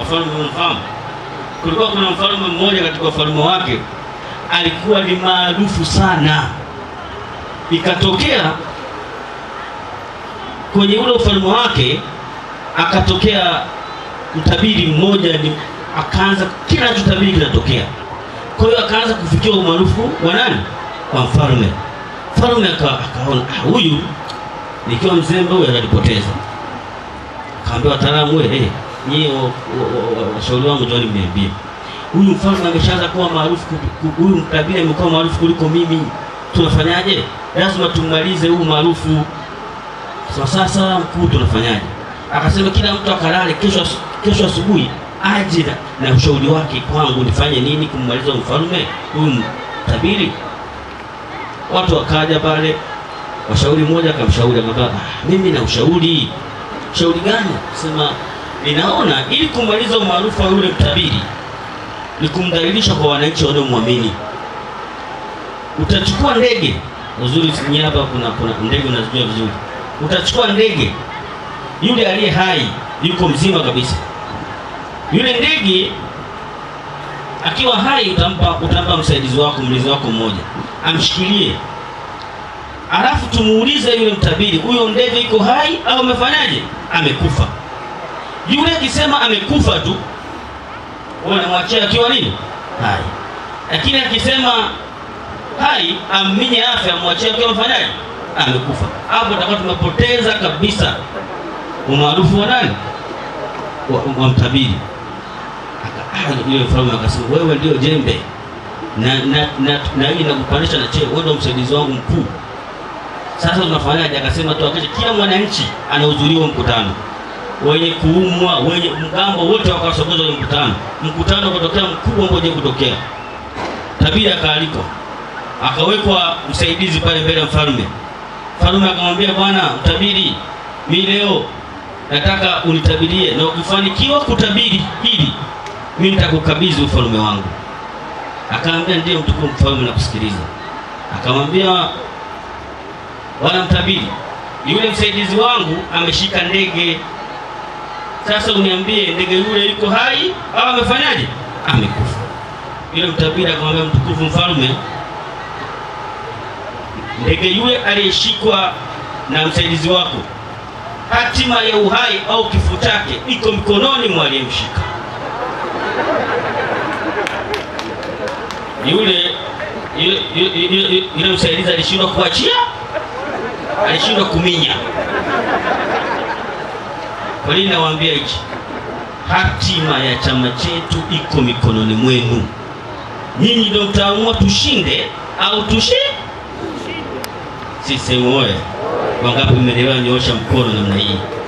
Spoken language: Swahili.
wafalme unafahamu, kulikuwa kuna mfalme mmoja katika wafalme wake alikuwa ni maarufu sana. Ikatokea kwenye ule ufalme wake akatokea mtabiri mmoja, akaanza kila kitabiri kinatokea. Kwa hiyo akaanza kufikia umaarufu wa nani? kwa mfalme. Mfalme akaona ah, huyu nikiwa mzembe huyu atanipoteza. Akaambia wataalamu, wewe eh nyie washauri wangu njooni mniambie, huyu mfalme ameshaanza kuwa maarufu, huyu mkabila amekuwa maarufu kuliko mimi, tunafanyaje? Lazima tummalize huu maarufu. So, sasa mkuu, tunafanyaje? Akasema kila mtu akalale, kesho kesho asubuhi aje na ushauri wake kwangu, nifanye nini kummaliza mfalme huyu mtabiri. Watu wakaja pale, washauri mmoja akamshauri, akamwambia ah, mimi na ushauri. Shauri gani? sema Ninaona ili kumaliza umaarufu wa yule mtabiri ni kumdhalilisha kwa wananchi wanaomwamini. Utachukua ndege uzuri sinye hapa kuna, kuna ndege unazijua vizuri. Utachukua ndege yule aliye hai yuko mzima kabisa, yule ndege akiwa hai utampa, utampa msaidizi wako mlezi wako mmoja amshikilie, alafu tumuulize yule mtabiri, huyo ndege iko hai au amefanyaje? Amekufa. Yule akisema amekufa tu unamwachia akiwa nini hai, lakini akisema hai aminye afya, amwachia akiwa mfanyaji amekufa. Hapo tutakuwa tumepoteza kabisa umaarufu wa nani wa mtabiri. Ah, yule mfalme akasema, wewe ndio jembe na na na hii nakupandisha na cheo, wewe ndio msaidizi wangu mkuu. Sasa tunafanyaje? Akasema tuhakikishe kila mwananchi anahudhuria mkutano wenye kuumwa, wenye mgambo wote wakasogezwa kwenye mkutano. Mkutano ukatokea mkubwa mmoja kutokea Tabia akaalikwa, akawekwa msaidizi pale mbele ya mfalme. Mfalme akamwambia, bwana mtabiri, mimi leo nataka unitabirie, na ukifanikiwa kutabiri hili mimi nitakukabidhi ufalme wangu. Akaambia, ndiyo mtukufu mfalme, nakusikiliza. Akamwambia, bwana mtabiri, yule msaidizi wangu ameshika ndege sasa uniambie ndege yule yuko hai au amefanyaje? Amekufa. Yule mtabiri akamwambia mtukufu mfalme, ndege yule aliyeshikwa na msaidizi wako, hatima ya uhai au kifo chake iko mikononi mwa aliyemshika. Yule yule msaidizi alishindwa kuachia, alishindwa kuminya. Kwa nini nawaambia hichi? Hatima ya chama chetu iko mikononi mwenu. Nyinyi ndio mtaamua tushinde au tushi sisi. Oye, wangapi mmelewa? Nyoosha mkono namna hii.